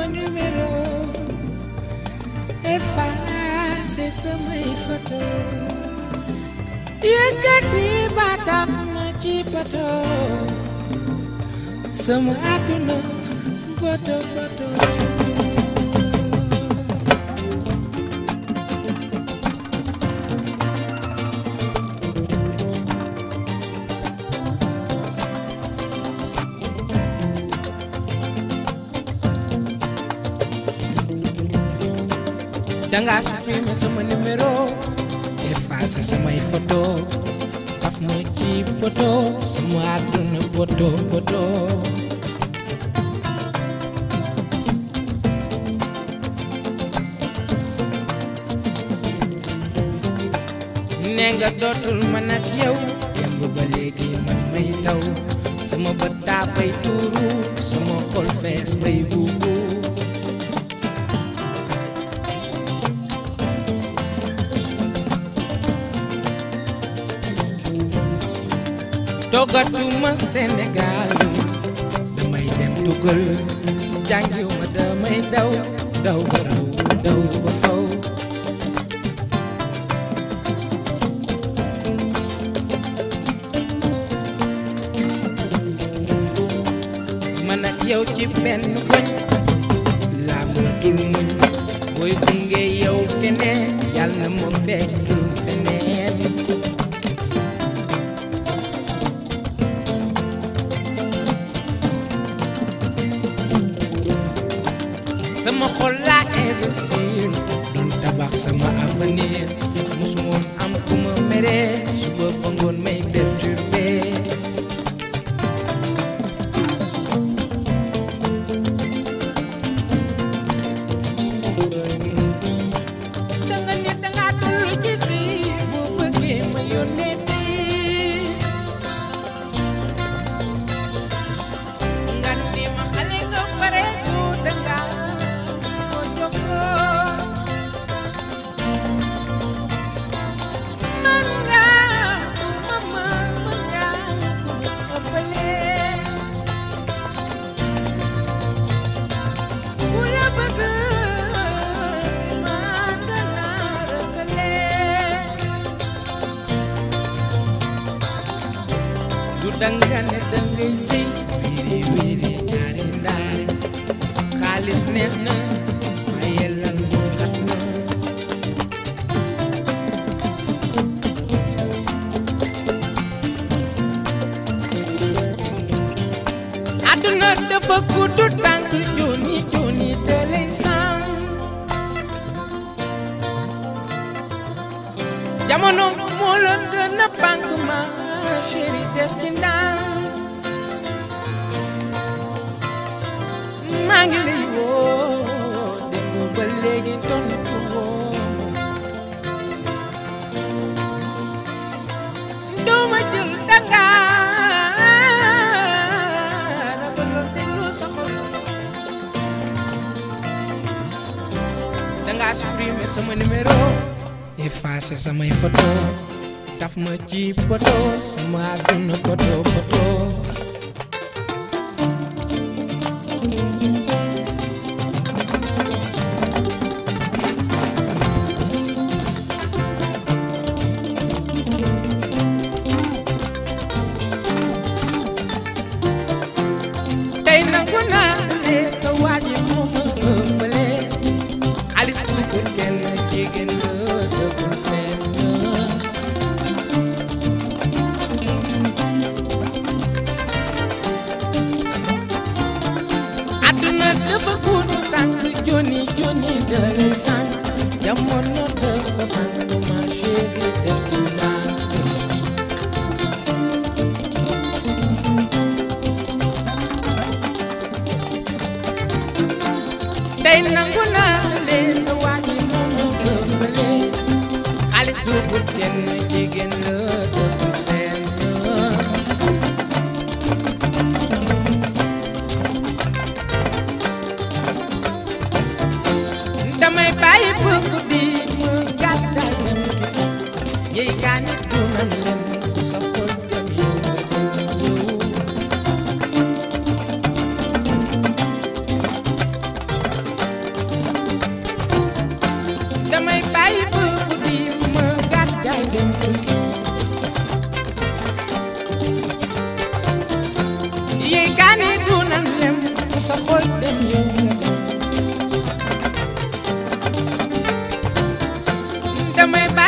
You uma numero efface samay photo yëkkati baataaf ma ci poto what àdduna boto boto danga supprimer sama numéro effacer samay photo taf ma ci poto semua aduna poto poto nenga dotul man ak yow yamb ba legi man may taw sama bët taa bay tuuru sama xol bay buubu toggatuma Sénégal damay dem tugal jàngiwuma damay daw daw ba raw daw ba faw man ak yow ci benn koñ laa mënatul muñ booy gunge yow keneen yàlla na ma fekk sama xol laa investir doon tabax sama avenir musu woon danga ne dangay sëy wéere wéere ñaari xaalis neex na waaye lan bu xat na àdduna dafa gudd tànk jooni jooni te lay sànq moo la gën a pànk ma chéri def ci ndànk maa ngi lay woo démb ba léegi tontu woo doo ma jël danga ragal lool déglu sa xol danga supprimer sama numéro effacer samay photo daf ma ci poto sama àdduna poto poto Alice Cooper kenn jigéen la dëggul fenn de l'essence jamono dafa màgg ma chéri def ci màgg tey nangu naa la sa waa ji moom la xaalis du bu kenn يجعل دون اللم سفر damay bàyyi ba guddi ma gàddaay dem tukki yéegaane dunal lem ku sa xol dem yow nga dem damay